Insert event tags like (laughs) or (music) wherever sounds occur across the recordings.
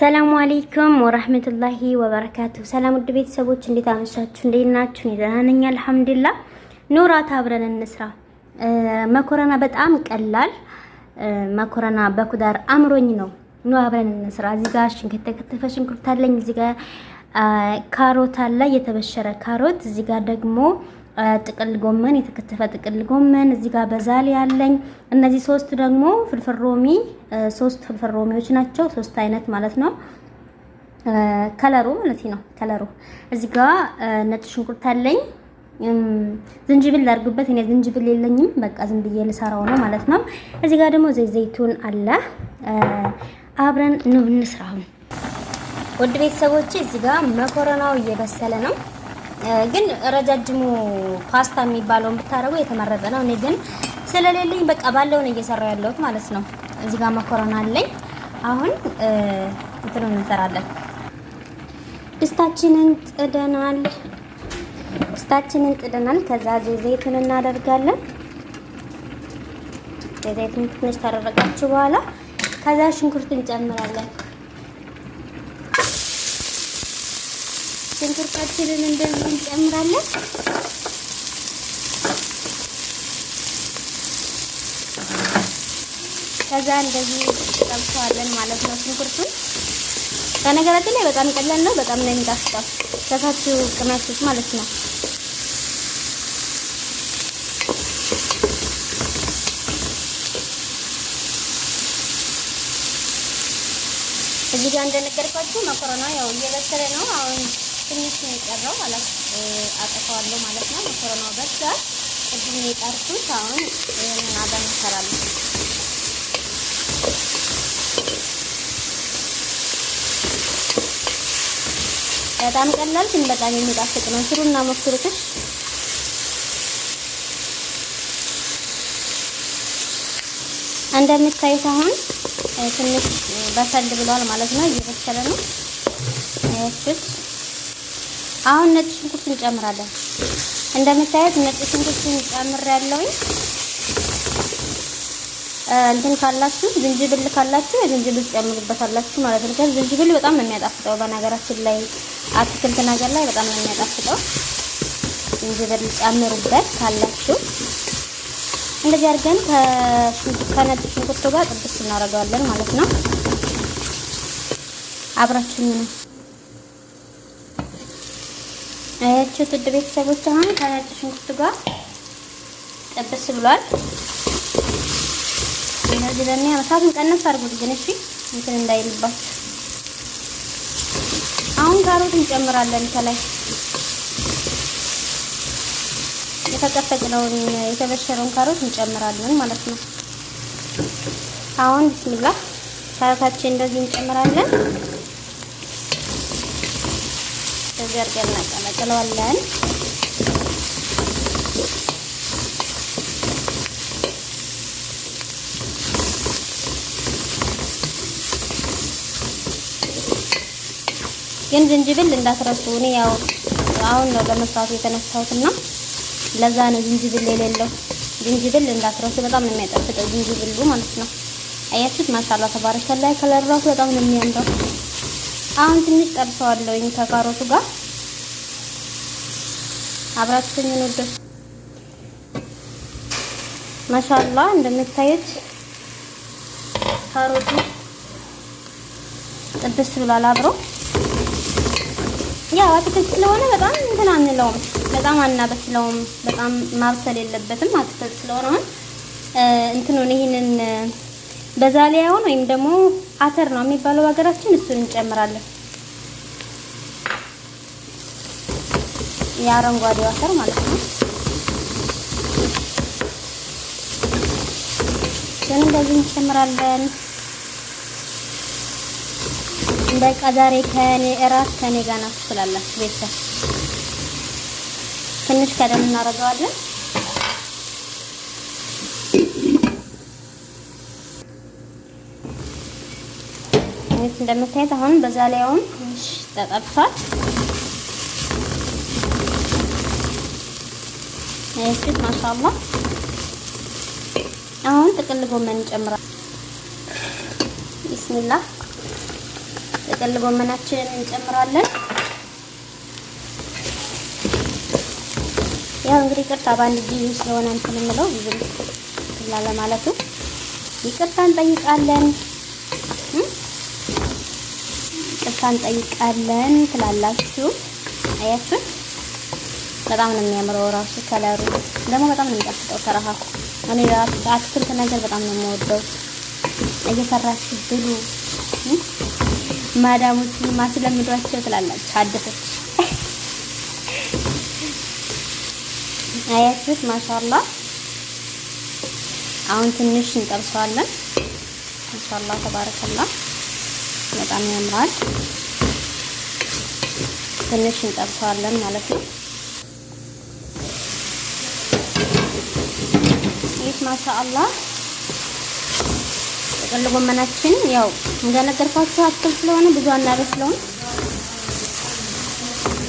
ሰላሙ አለይኩም ወራህመቱላሂ ወበረካቱ። ሰላም ውድ ቤተሰቦች እንዴት አመሻችሁ? እንዴት ናችሁ? ደህና ነኝ አልሐምዱሊላህ። ኑራት አብረን እንስራ። መኮረና በጣም ቀላል መኮረና በኩዳር አምሮኝ ነው። ኑ አብረን እንስራ። እዚህ ጋር ሽንኩርት የተከተፈ ሽንኩርት አለኝ። እዚህ ጋር ካሮት አለ፣ የተበሸረ ካሮት። እዚህ ጋር ደግሞ ጥቅል ጎመን፣ የተከተፈ ጥቅል ጎመን እዚህ ጋር በዛል ያለኝ። እነዚህ ሶስት ደግሞ ፍልፍል ሮሚ፣ ሶስት ፍልፍል ሮሚዎች ናቸው። ሶስት አይነት ማለት ነው። ከለሩ ማለት ነው። ከለሩ እዚህ ጋር ነጭ ሽንኩርት አለኝ። ዝንጅብል ላድርግበት። እኔ ዝንጅብል የለኝም፣ በቃ ዝም ብዬ ልሰራው ነው ማለት ነው። እዚህ ጋር ደግሞ ዘይት ዘይቱን አለ። አብረን እንስራው። ውድ ቤተሰቦቼ እዚህ ጋር መኮረናው እየበሰለ ነው። ግን ረጃጅሙ ፓስታ የሚባለውን ብታረጉ የተመረጠ ነው። እኔ ግን ስለሌለኝ በቃ ባለውን እየሰራው ያለሁት ማለት ነው። እዚህ ጋር መኮረና አለኝ። አሁን እንትኑ እንሰራለን። ድስታችንን ጥደናል። ድስታችንን ጥደናል። ከዛ ዘይቱን እናደርጋለን። ዘይቱን ትንሽ ታደረጋችሁ በኋላ ከዛ ሽንኩርት እንጨምራለን። ሽንኩርታችንን እንደዚህ እንጨምራለን። ከዛ እንደዚህ ጠብሰዋለን ማለት ነው ሽንኩርቱን። በነገራችን ላይ በጣም ቀላል ነው። በጣም ነው የሚጣፍጠው። ከታችሁ ቅመሱት ማለት ነው። እዚህ ጋር እንደነገርኳችሁ መኮረና ያው እየበሰለ ነው አሁን ትንሽ ነው የቀረው ማለት አጠፋዋለሁ ማለት ነው። መኮረናው በዛ ቅድም የቀርቱት አሁን ይህንን አብረን እንሰራለን። በጣም ቀላል ግን በጣም የሚጣፍጥ ነው። ስሩና ሞክሩትሽ። እንደምታዩት አሁን ትንሽ በሰል ብሏል ማለት ነው። እየበሰለ ነው። እሺ አሁን ነጭ ሽንኩርት እንጨምራለን። እንደምታዩት ነጭ ሽንኩርት እንጨምራለሁኝ። እንትን ካላችሁ ዝንጅብል ካላችሁ የዝንጅብል ጨምሩበታላችሁ ማለት ነው። ከዚህ ዝንጅብል በጣም ነው የሚያጣፍጠው። በነገራችን ላይ አትክልት ነገር ላይ በጣም ነው የሚያጣፍጠው። ዝንጅብል ጨምሩበት ካላችሁ። እንደዚህ አድርገን ከነጭ ሽንኩርቱ ጋር ጥብስ እናደርገዋለን ማለት ነው። አብራችሁኝ ነው አያችሁ ውድ ቤተሰቦች፣ አሁን ከነጭ ሽንኩርት ጋር ጥብስ ብሏል። እነዚህ ደግሞ እሳቱን ቀነስ አድርጉት ግን እሺ፣ እንትን እንዳይልባችሁ። አሁን ካሮት እንጨምራለን። ከላይ የተቀጠቅነውን የተበሸረውን ካሮት እንጨምራለን ማለት ነው። አሁን ቢስሚላህ ካሮታችን እንደዚህ እንጨምራለን። እንደዚህ አድርገን ግን ዝንጅብል እንዳትረሱ። እኔ ያው አሁን ነው ለመስራቱ የተነሳሁትና ለዛ ነው ዝንጅብል የሌለው። ዝንጅብል እንዳትረሱ። በጣም ነው የሚያጠፍጠው ዝንጅብሉ ማለት ነው። አያችሁት? ማሻአላ ተባረከ ላይ ከለራሱ በጣም ነው የሚያምረው። አሁን ትንሽ ጠብሰዋለሁኝ ከካሮቱ ጋር አብራችሁኝ ወደስ ማሻአላ እንደምታዩት ካሮቱ ጥብስ ብሏል አብሮ። ያው አትክልት ስለሆነ በጣም እንትን አንለውም፣ በጣም አናበስለውም። በጣም ማብሰል የለበትም አትክልት ስለሆነ አሁን እንትኑን ይህንን አሁን ወይም ደግሞ አተር ነው የሚባለው በሀገራችን፣ እሱን እንጨምራለን። የአረንጓዴ አተር ማለት ነው። ግን እንደዚህ እንጨምራለን። በቃ ዛሬ ከኔ እራት ከኔ ጋር ናችሁ ትላላችሁ ቤተሰብ። ትንሽ ከደም እናደርገዋለን። እንደምታየት አሁን በዛ ላይ አሁን ትንሽ ተጠብሷል። አያችሁት? ማሻአላ። አሁን ጥቅል ጎመን እንጨምራለን። ቢስሚላህ ጥቅል ጎመናችንን እንጨምራለን። ያው እንግዲህ ቅርታ በአንድ ጊዜ ስለሆነ እንትን የምለው ብዙም ላለ ማለቱ ይቅርታ እንጠይቃለን ይቅርታ እንጠይቃለን ትላላችሁ። አያችሁ በጣም ነው የሚያምረው። ራሱ ከለሩ ደግሞ በጣም ነው የሚጣፍጠው። ተራሃኩ እኔ በአትክልት ነገር በጣም ነው የምወደው። እየሰራችሁ ብሉ። ማዳሞች ማስለምዷቸው ትላላችሁ። አደሰች (laughs) አያችሁት? ማሻአላ አሁን ትንሽ እንጠብሰዋለን። ማሻላ ተባረከላ በጣም ያምራል። ትንሽ እንጠብሰዋለን ማለት ነው። ማሻአላህ ጥቅል ጎመናችን ያው እንደነገርኳችሁ አትክልት ስለሆነ ብዙ አናበስለውም።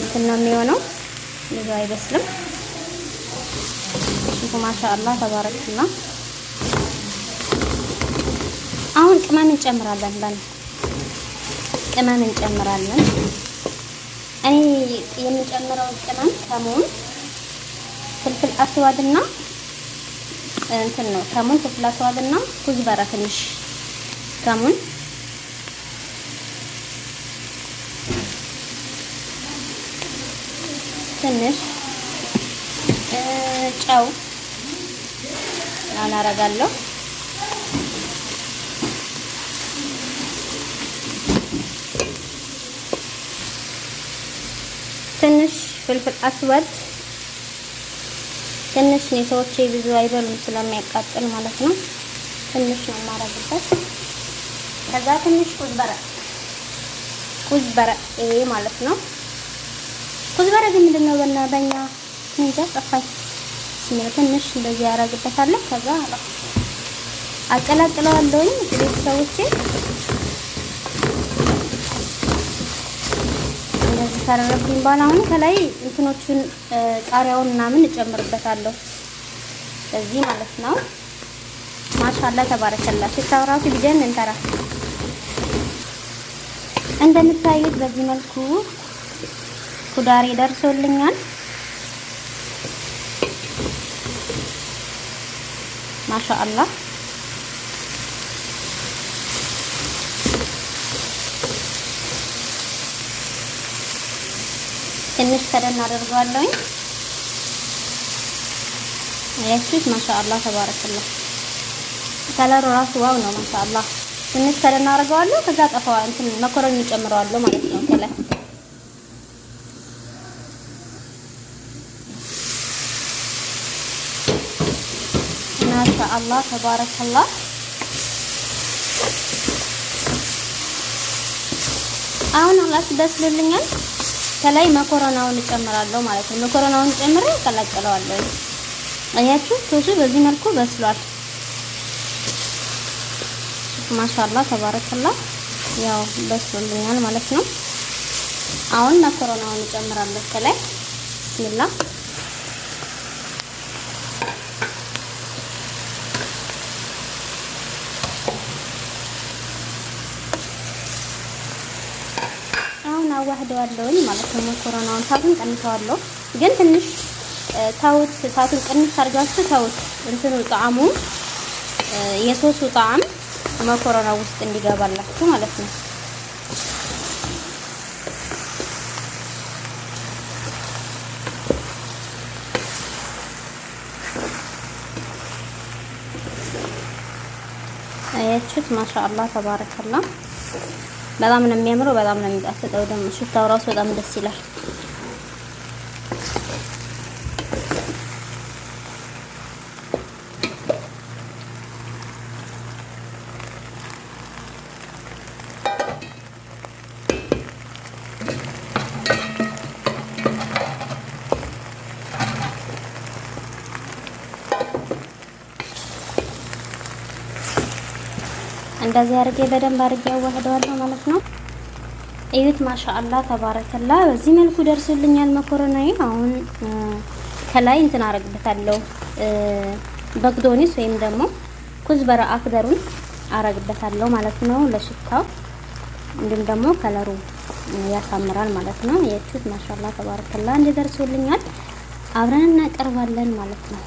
እንትን ነው የሚሆነው፣ ብዙ አይበስልም። እሺ ማሻአላህ ተባረክና አሁን ቅመም እንጨምራለን። ባን ቅመም እንጨምራለን። እኔ የምንጨምረው ቅመም ከሙን፣ ፍልፍል አስዋድና እንትን ነው ከሙን ትፍላቷልና ኩዝበራ ትንሽ ከሙን ትንሽ ጨው አናረጋለሁ። ትንሽ ፍልፍል አስወድ ትንሽ ነው ሰዎች ብዙ አይበሉም ስለሚያቃጥል ማለት ነው። ትንሽ ነው የማረግበት። ከዛ ትንሽ ኩዝበረ ኩዝበረ ይሄ ማለት ነው። ኩዝበረ ግን ምንድን ነው በእና በእኛ እንጃ ጠፋኝ። ትንሽ እንደዚህ ያረግበታለሁ። ከዛ አቀላቅለዋለሁኝ ቤተሰቦቼ ካደረግኩኝ በኋላ አሁን ከላይ እንትኖቹን ቃሪያውን ምናምን እጨምርበታለሁ እዚህ ማለት ነው። ማሻላ ተባረከላ። ሽታው ራሱ ቢደን እንተራ እንደምታዩት በዚህ መልኩ ኩዳሬ ደርሶልኛል። ማሻአላህ ትንሽ ከደን አደርገዋለሁኝ። አያችሁት? ማሻአላህ ተባረከላ። ከለሩ ራሱ ዋው ነው። ማሻአላህ ትንሽ ከደን አደርገዋለሁ። ከዛ ጠፋው እንትን መኮረኒ ጨምረዋለሁ ማለት ነው ከላይ ማሻአላህ ተባረከላ። አሁን አላስ ደስ ብሎኛል። ከላይ መኮረናውን እጨምራለሁ ማለት ነው። መኮረናውን ጨምሬ እቀላቅለዋለሁ። አያችሁ ቶሱ በዚህ መልኩ በስሏል። ማሻላ ተባረከላ። ያው በስሎልኛል ማለት ነው። አሁን መኮረናውን እጨምራለሁ ከላይ ቢስሚላህ አዋህደው አዋህደዋለሁኝ ማለት ነው። ሞኮረናውን እሳቱን ቀንሰዋለሁ፣ ግን ትንሽ ተውት። ሳቱን ቅንስ አድርጋችሁ ተውት። እንትኑ ጣዕሙ የሶሱ ጣዕም መኮረና ውስጥ እንዲገባላችሁ ማለት ነው። አያችሁት? ማሻአላህ ተባረከላ بدأ من الميمرو بدأ من المدافع ده وده مشوفته وراسه ده من السيلر. እንደዚህ አድርጌ በደንብ አድርጌ አዋህደዋለሁ ማለት ነው። እዩት፣ ማሻአላ ተባረከላ። በዚህ መልኩ ደርሶልኛል መኮረናዊ። አሁን ከላይ እንትን አረግበታለሁ በግዶኒስ ወይም ደግሞ ኩዝበራ አክደሩን አረግበታለሁ ማለት ነው ለሽታው እንዲሁም ደግሞ ከለሩ ያሳምራል ማለት ነው። የቹት ማሻአላ ተባረከላ እንዲደርሶልኛል አብረን እናቀርባለን ማለት ነው።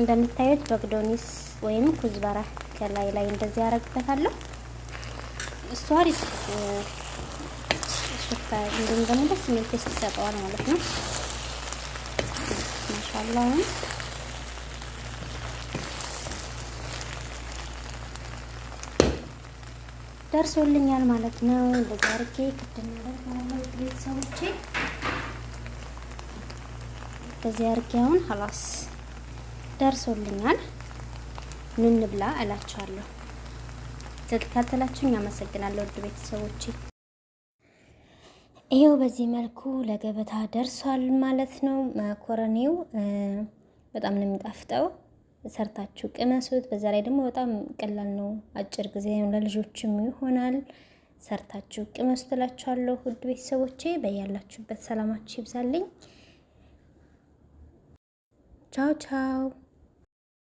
እንደምታዩት በግዶኒስ ወይም ኩዝበራ ከላይ ላይ እንደዚህ ያደርግበታለሁ። እሱ አሪፍ ሽታ እንዲሁም ደግሞ ደስ የሚል ቴስት ይሰጠዋል ማለት ነው። ማሻላ ደርሶልኛል ማለት ነው። እንደዚህ አድርጌ ክድ ማለት ቤተሰቦቼ። እንደዚህ አድርጌ አሁን ሀላስ ደርሶልኛል። ምን እንብላ እላችኋለሁ። ስለተከታተላችሁኝ አመሰግናለሁ ውድ ቤተሰቦች ይሄው በዚህ መልኩ ለገበታ ደርሷል ማለት ነው። መኮረኒው በጣም ነው የሚጣፍጠው። ሰርታችሁ ቅመሱት። በዛ ላይ ደግሞ በጣም ቀላል ነው፣ አጭር ጊዜ ነው፣ ለልጆችም ይሆናል። ሰርታችሁ ቅመሱት እላችኋለሁ ውድ ቤተሰቦቼ። በያላችሁበት ሰላማችሁ ይብዛልኝ። ቻው ቻው።